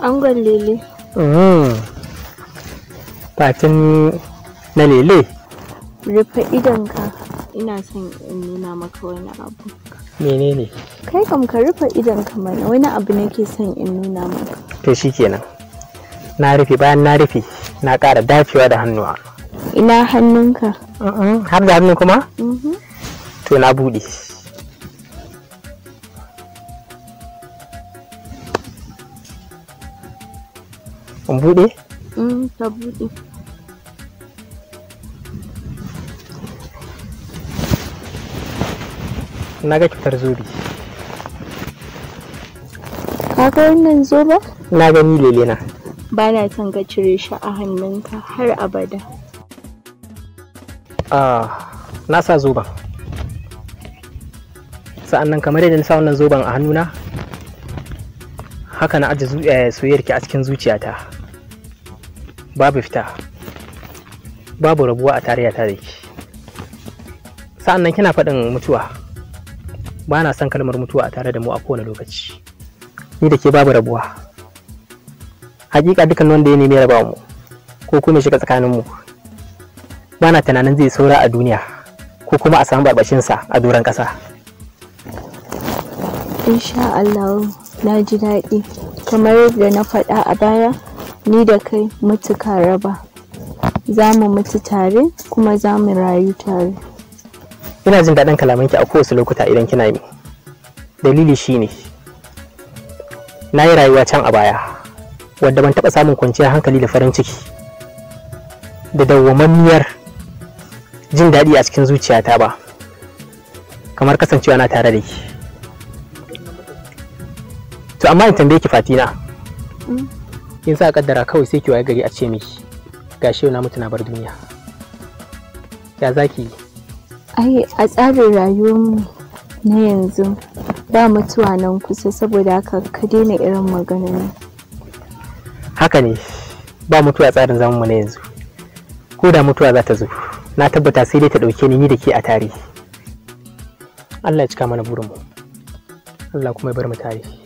Angon lele. Fatin mm. na lele? Rufe idonka ina son in nuna maka wani abu. Menene? Kai kam ka rufe idonka mana wani abu nake son in nuna maka. To shikenan. Na rufe bayan na rufe na ƙara dafewa da hannuwa. Ina hannunka. Har da hannu kuma? Mhm. To na buɗe. in buɗe? Mm, ta buɗe na ga cutar zobe ka ga wannan zoba? na gani lele na ba na son ka cire shi a hannunka har abada ah, na sa zoben sa'an nan kamar yadda na sa wannan zoben a hannuna haka na ajiye eh, soyayyarki a cikin zuciyata babu fita babu rabuwa a tarayya ta da ki sa'an nan kina faɗin mutuwa ba na son kalmar mutuwa a tare da mu a kowane lokaci ni da ke babu rabuwa hakika dukkan wanda ya nemi rabawa mu ko kuma shiga tsakanin mu ba na tunanin zai saura a duniya ko kuma a samu barbashinsa a doron ƙasa insha Allah na ji daɗi kamar yadda na faɗa a baya ni da kai mutuka raba za mu mutu tare kuma za mu rayu tare ina jin daɗin kalamanki a kowace lokuta idan kina yi dalili shine na yi rayuwa can a baya wadda ban taɓa samun kwanciyar hankali da farin ciki da dawwammamiyar jin daɗi a cikin zuciyata ba kamar kasancewa na tare da ki to amma in tambaye ki fatina mm. in za a kaddara kawai sai ki waye gari a ce miki gashi yau na mutu na bar duniya ya zaki ai a tsarin rayuwar mu na yanzu ba mutuwa nan kusa saboda haka ka daina irin magana ne. haka ne ba mutuwa tsarin zamanmu na yanzu ko da mutuwa za ta zo na tabbata sai dai ta ɗauke ni ni da ke a tare Allah ya cika mana burinmu Allah kuma ya bar mu tare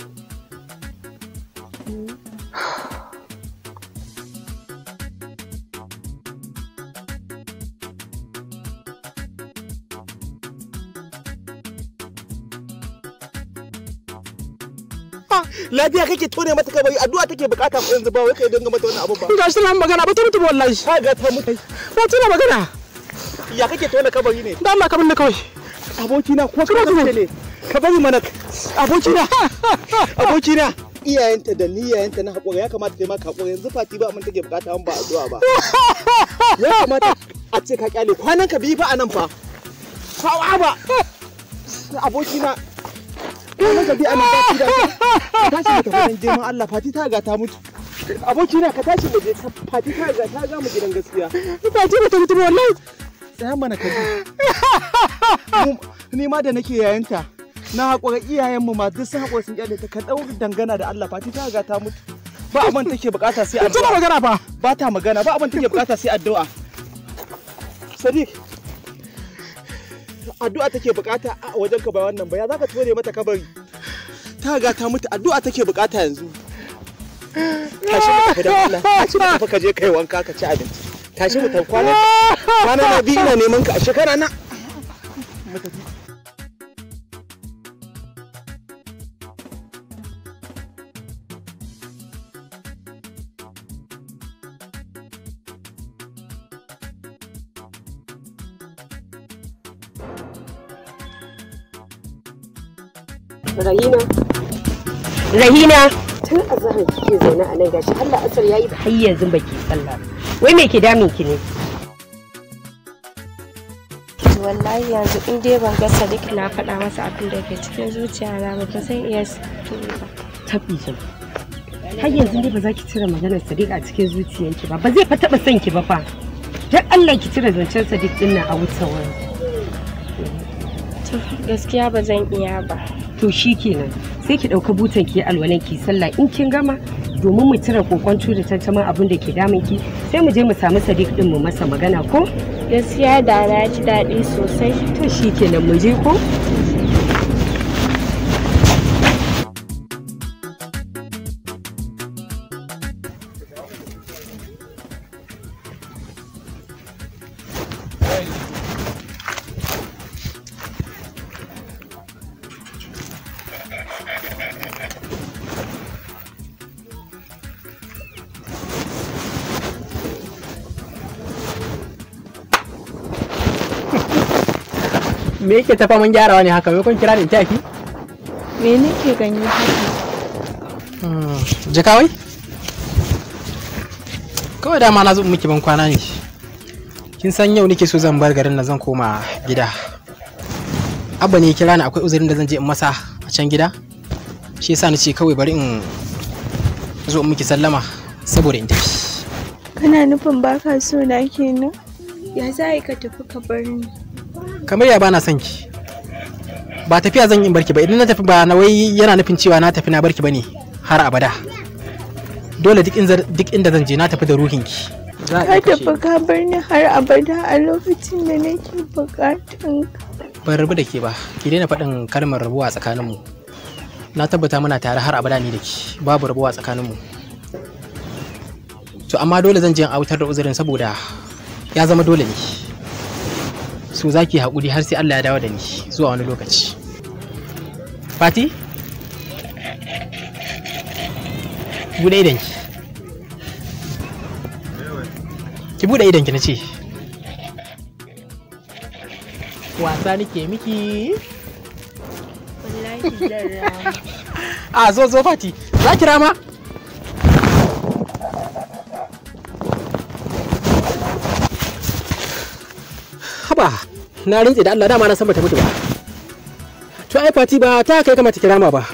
lafiya kake tone mata kabari addu'a take bukata ko yanzu ba wai kai dinga mata wannan abu ba ga shi nan magana ba ta mutu wallahi ha ga ta mutu ba tana magana ya kake tona kabari ne dan Allah ka ne kawai aboki na ko ka ne ka bari mana aboki na aboki na iyayenta da niyayenta na hakuri ya kamata kai ma ka hakuri yanzu fati ba mun take bukata an ba addu'a ba ya kamata a ce ka kyale kwanan ka bi fa anan fa fa ba abokina ka bi a nan tashi da ka tashi da tafi girman Allah fati ta ga ta mutu aboki na ka tashi da je fati ta ga ta ga mu gidan gaskiya fati ba ta mutu wallahi tsaya mana ka bi ni ma da nake yayanta na haƙura iyayen mu ma duk sun haƙura sun kyale ta ka ɗau dangana da Allah fati ta ga ta mutu ba abin take bukata sai addu'a ba magana ba ba ta magana ba abin take bukata sai addu'a sadiq addu'a take bukata a wajen ka ba wannan ba ya zaka tore mata kabari ta ga ta mutu addu'a take bukata yanzu tashi mu tafi da Allah tashi mu tafi kaje kai wanka ka ci abinci tashi mu tafi kwana kwana na biyu ina neman ka a shekara na mu tafi Rahina. Rahina. Tun azahar kike zaune a nan gashi Allah asar yayi har yanzu baki sallah. Wai me ke damin ki ne? wallahi yanzu in dai ban ga Sadiq na faɗa masa abin da ke cikin zuciya na ba san iya ba. Tabbijin. Har yanzu dai ba za ki cire maganar Sadiq a cikin zuciyanki ba. Ba zai fa taɓa son ki ba fa. Don Allah ki cire zancen Sadiq din nan a wucewar. Gaskiya ba zan iya ba. to shi kenan sai ki ɗauka butan ki alwalan ki sallah in kin gama domin mu cire kokonto da tantaman abin da ke damun ki sai mu je mu samu sadiq din mu masa magana ko gaskiya da na ji daɗi sosai to shi kenan mu je ko me yake tafa mun gyara ne haka kun kira ne tafi me nake ganye haka hmm. jika wai kawai dama na zo miki ban kwana ne kin san yau nake so zan bar garin na zan koma gida abba ne kira ni akwai uzurin da zan je in masa a can gida shi yasa ce kawai bari in zo in miki sallama saboda in tafi kana nufin baka so na kenan ya za ka tafi ka bar ni kamar ya bana son ki ba tafiya zan yi barki ba idan na tafi ba na wai yana nufin cewa na tafi na barki bane har abada dole duk inda zan je na tafi da ki. ka tafi ka bar ni har abada a lokacin da nake bukatun ban rabu da ke ba ki daina faɗin kalmar rabuwa tsakaninmu na tabbata muna tare har abada ni da ki babu rabuwa tsakaninmu to amma dole zan je in autar da uzurin saboda ya zama dole ne so za ki haƙuri har sai Allah ya dawo da ni zuwa wani lokaci fati buɗe idanki ki buɗe idanki na ce wasa nake miki wallahi a ah, zo zo fati za ki rama na rintse da Allah dama na san bata mutu ba to ai fati ba ta kai kamata ki rama ba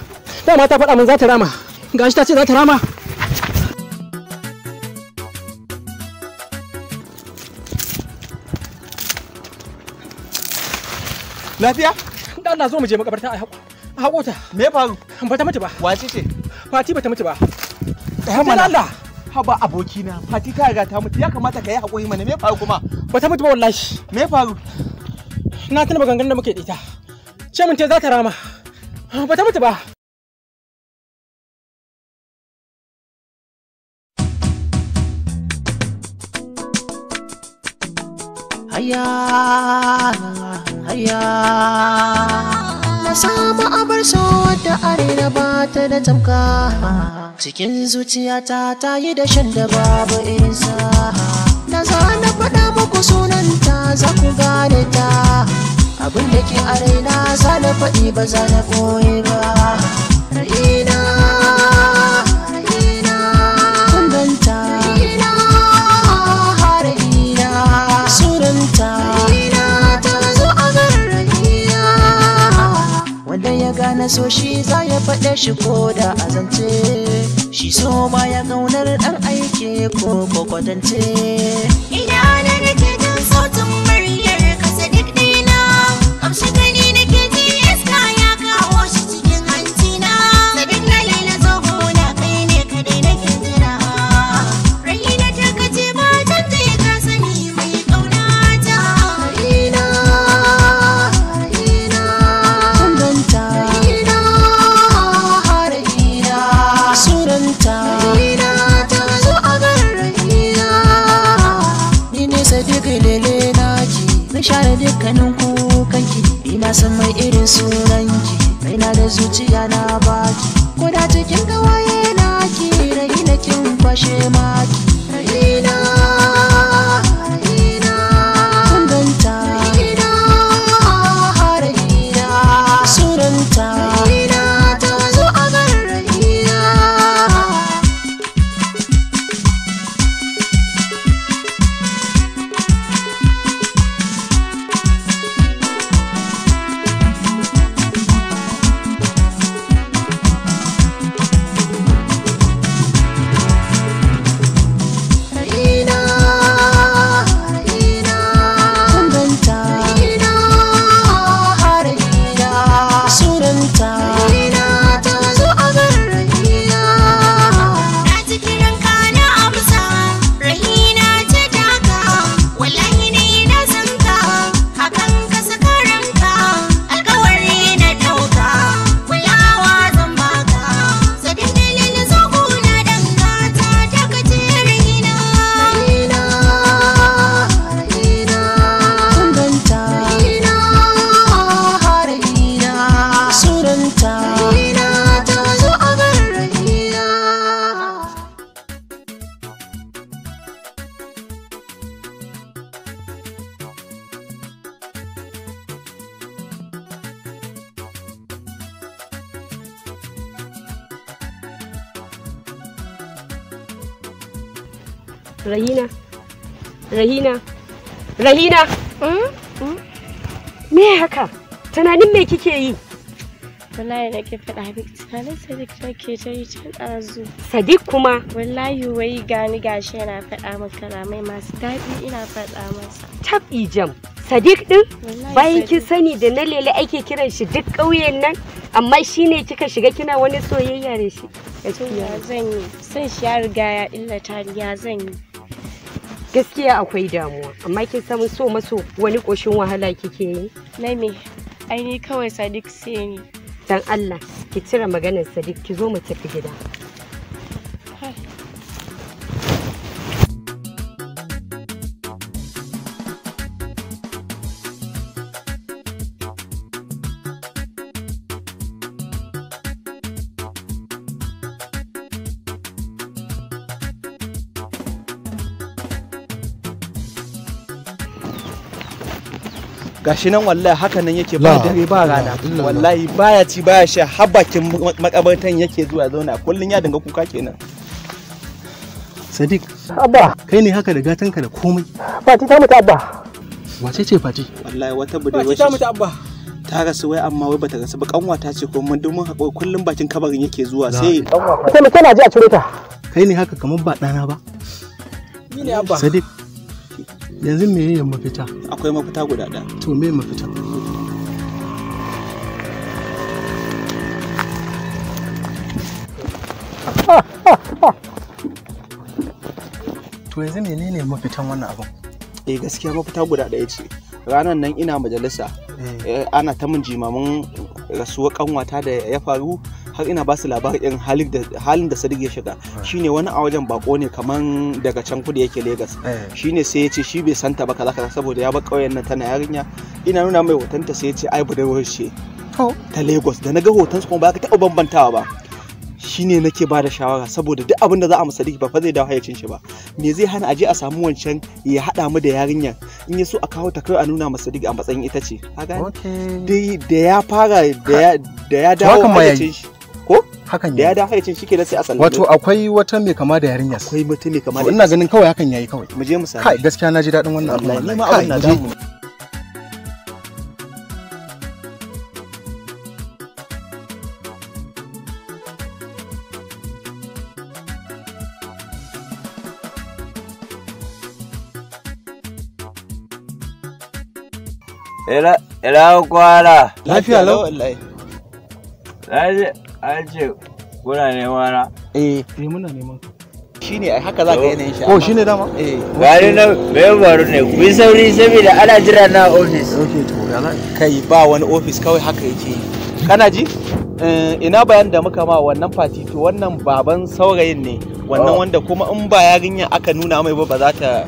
dama ta faɗa min za ta rama gashi ta ce za ta rama lafiya da Allah zo mu je makabarta a hako ta me ya faru bata mutu ba wace ce fati bata mutu ba ta Allah haba abokina fati ta riga ta mutu ya kamata ka yi hakuri mana me ya faru kuma bata mutu ba wallahi me ya faru na tuna gangan da muke ita ce mun ce za ta rama ba ta mutu ba haya haya na samu abar so da arena ba ta da tamka cikin zuciyata ta yi da shan da babu irinsa muku sunanta za ku gane ta abin da ke a raina za na faɗi ba za na ɓoye ba raina raina kun ganta raina ta zo a garin raina wanda ya gane so shi za ya faɗe shi ko da azance shi so ya kaunar ɗan aiki ko kwatance ina ne nake na share dukkanin kukanki ina san mai irin sunanki mai na da zuciya na baki Kuda cikin gawaye na ki rai kin fashe maki Rahina. Rahina. Hmm? Hmm? Me haka? Tunanin me kike yi? Wallahi da ke faɗa miki tunanin Sadiq da ke ta yi can ɗazu. Sadiq kuma? Wallahi wai gani gashi yana faɗa min kalamai masu daɗi ina faɗa masa. Tab jam. Sadiq din bayan kin sani da na lele ake kiran shi duk ƙauyen nan amma shine kika shiga kina wani soyayya da shi. Ya zan yi, san shi ya riga ya illata ya zan yi. gaskiya akwai damuwa amma kin san so maso wani koshin wahala kike yi na me ai ni kawai sadiq sai ni dan Allah ki cire maganar sadiq ki zo mu tafi gida gashi nan wallahi haka nan yake ba dare ba rana wallahi baya ci baya sha har bakin makabartan yake zuwa zauna kullun ya dinga kuka kenan Sadiq Abba kai ne haka da gatanka da komai Fati ta mutu Abba Wace ce Fati wallahi wata budurwa ta mutu Abba ta rasu wai amma wai bata rasu ba ta ce ko mun dumin hakuri kullun bakin kabarin yake zuwa sai kanwa ji a cire ta kai ne haka kamar ba ɗana ba Ni ne Abba Sadiq yanzu me yayin mafita akwai mafita guda ɗaya to me mafita to yanzu menene mafitan wannan abin eh gaskiya mafita guda ɗaya ce ranar nan ina majalisa eh. Eh, ana ta min jimamin rasuwar kanwata da ya faru har ina ba su labarin halin da sadiq ya shiga ah. shine wani a wajen bako ne kaman daga can kudu yake lagos eh. shine sai ya ce shi bai santa ba kaza kaza saboda ya ba ƙauyen nan tana yarinya ina nuna mai hotonta sai ya ce ai budurwar ce ta lagos da na ga hoton su kuma ba ka taɓa bambantawa ba shine nake ba da shawara saboda duk abin da za a masa sadiq ba fa zai dawo hayacin shi ba me zai hana aje a samu wancan ya hada mu da yarinyar in ya so a kawo ta kai a nuna masa sadiq a matsayin ita ce dai da ya fara da ya dawo hayacin shi ko hakan da ya da haicin shi kenan sai a sallame wato akwai wata mai kama da yarinya akwai mutum mai kama da ina ganin kawai hakan yayi kawai mu je mu sami kai gaskiya na ji dadin wannan abu wallahi ma abin na damu Ira, ira kwala. Lafiya lau wallahi. Lafiya. an ce kuna neman na eh eh muna neman ka shine ai haka zaka yanayin shi oh shine dama eh gari na me baro ne ku yi sauri saboda ana jira na office okay to yana kai ba wani office kawai haka yake kana ji eh, ina bayan da muka ma wannan fati to wannan baban saurayin ne wannan oh. wanda kuma in ba yarinya aka nuna mai ba ba za ta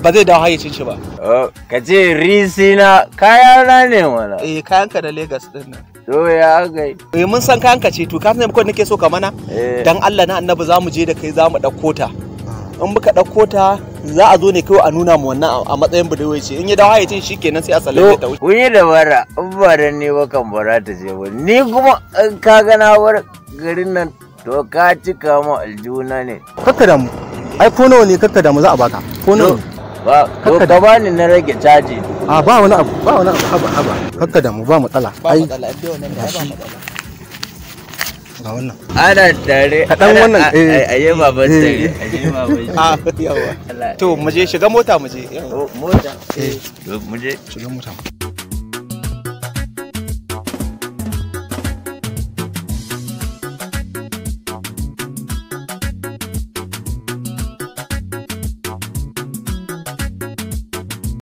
ba zai dawo hayyacin shi ba oh, ka ce risina kayana ne wala eh kayanka da Legas din nan so ya gai eh mun san kayan ka ce to ka san kawai nake so ka mana eh. dan Allah na annabi mu je da kai za mu ɗauko ta ah. in muka ɗauko ta za a zo ne kawai a nuna mu wannan a matsayin budurwai ce in ya dawo ya ce shikenan sai a sallame ta wuce kun yi dabara in ba da ni ba kan bara ta je ba ni kuma in ka ga na bar garin nan to ka cika mu aljuna ne kakka da mu ai ko nawa ne kakka da mu za a baka ko nawa ba ko ka bani na rage caji a ba wani abu ba wani abu haba haba da mu ba matsala ba ba ga wannan ana tare kaɗan wannan aye eh. baban tare eh. aye baban tare ah. to shiga mota muje oh, mota eh. shiga mota